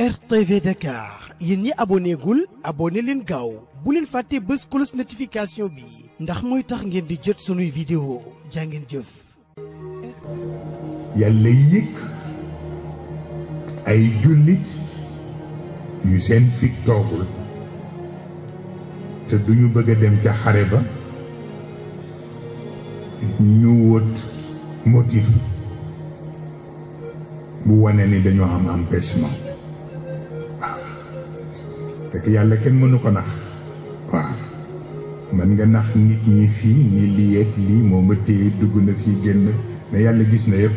RTV Dakar yéen ñi abonné gul abonné leen gaaw bu leen faté bés cloche notification bi ndax moy tax ngeen di jot sunuy vidéo jàngeen jëf yàlla yëg ay jullit yu seen fit toogul te duñu bëgg dem ci xare ba ñu motif bu wane ni dañu am empêchement dëgg yàlla kenn mënu ko nax waaw mën nga nax nit ñi fii ni lii ak lii moo ma téye dugg na fii génn mais yàlla gis na yëpp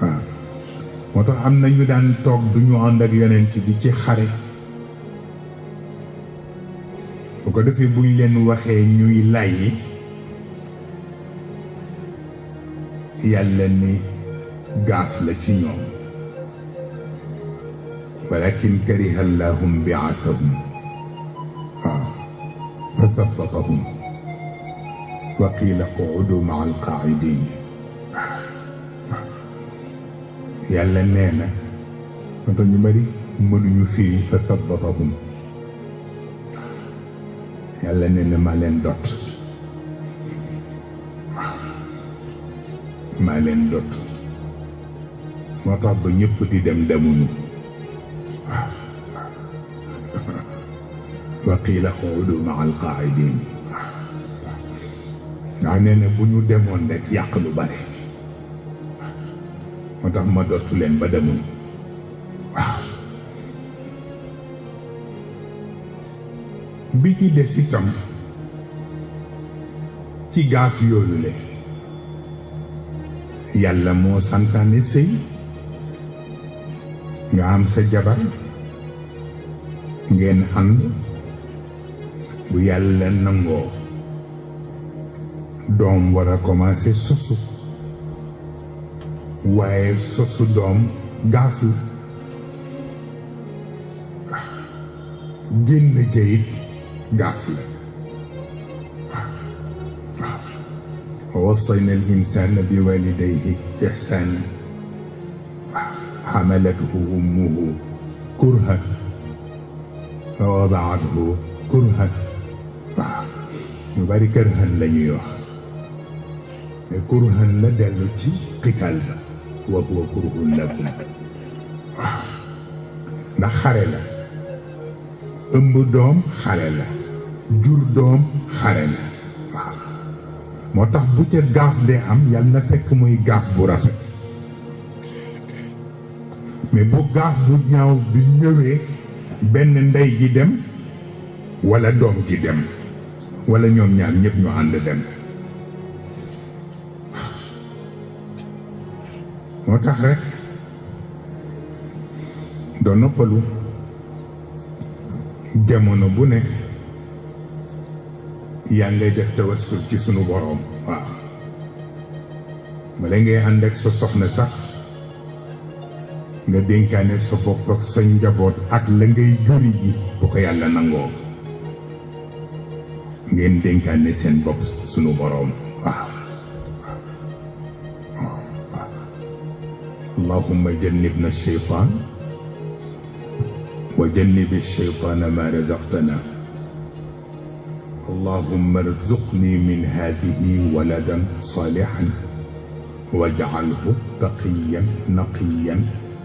waaw moo tax am na ñu daan toog duñu ñu ànd ak yonent bi ci xare bu ko defee buñ leen waxee ñuy làyyi yàlla ni gaaf la ci ñoom ولكن كره الله بعثهم آه. فسقطهم وقيل اقعدوا مع القاعدين يلا نانا وطني مري مدو يفي فتضبطهم يلا نانا ما لين دوت ما لين دوت مطاب نيب دم دمونو waqiila quudu maa alqaaidiin ndax ah. ah, nee na bu ñu demoon rek yàq lu bare moo tax ma dottu leen ba demuñ waaw ah. bi ci des itam ci gaaf yooyu yàlla moo santaane sëy nga am sa jabar ngeen ànd bu yàlla nangoo doom war a commencé sosu waaye sosu doom gaaf la génn géyit gaaf la ووصينا الإنسان بوالديه إحسانا حملته أمه كرها فوضعته كرها ñu bari kër xën la ñuy wax mais kur xën la dellu ci xitaal ba wa huwa kurhun lakum waaw ndax xare la ëmb doom xare la jur doom xare la moo tax bu ca gaaf de am yàlla na fekk muy gaaf bu rafet mais bu gaaf bu ñaaw bi ñëwee benn ndey ji dem wala doom ji dem wala ñoom ñaar ñëpp ñu ànd dem moo tax rek doo noppalu jamono bu ne yaa ngay def tawassul ci sunu boroom waaw bala ngay ànd ak sa soxna sax nga dénkaane sa bopp sa njaboot ak la ngay juri ji bu ko yàlla nangoo ngeen denkane seen bopp sunu boroom اللهم جنبنا الشيطان وجنب الشيطان ما رزقتنا اللهم ارزقني من هذه ولدا صالحا واجعله تقيا نقيا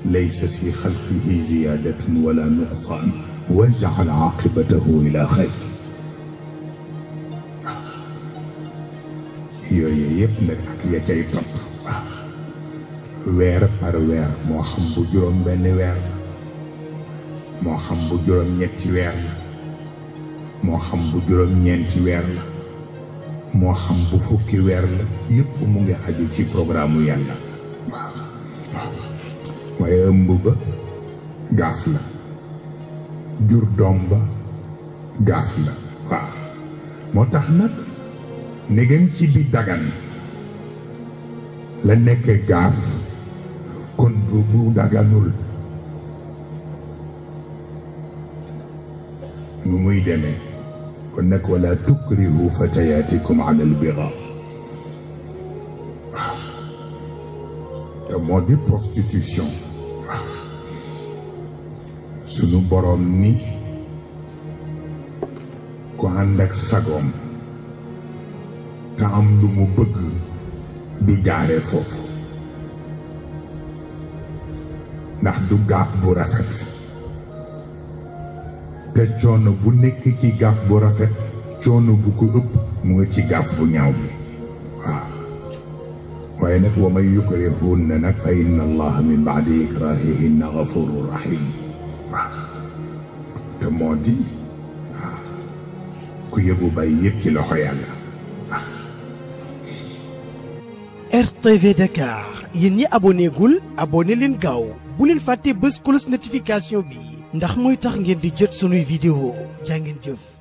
ليس في خلقه زيادة ولا نقصان واجعل عاقبته إلى خير yooyu yëpp nag ak ya cay topp weer par weer moo xam bu juróom benn weer la moo xam bu juróom ñetti weer la moo xam bu weer la moo xam bu fukki weer la yëpp mu ngi aju ci programme yàlla waaw waaw waaye ëmb ba gaaf la jur doom ba gaaf la waaw moo tax nag نجم تي بي داغان لا نيك غاف كون بو داغانول موي ديمي كون نك ولا تكره فتياتكم على البغاء يا مودي بروستيتوشن سونو بوروم ني كو عندك ساغوم te am lu mu bëgg du jaare foofu ndax du gaaf bu rafet te coono bu nekk ci gaaf bu rafet coono bu ko ëpp mu nga ci gaaf bu ñaaw bi waaw waaye nag wa man yukrihunna nag fa inna allaha min baadi ikrahihinna gafuru rahim waaw te moo di waaw ku yëgu bay yëpp ci loxo yàlla RTV Dakar yini abonné gul abonné len gaw bu len faté beus notification bi ndax moy tax ngeen di jot sunuy vidéo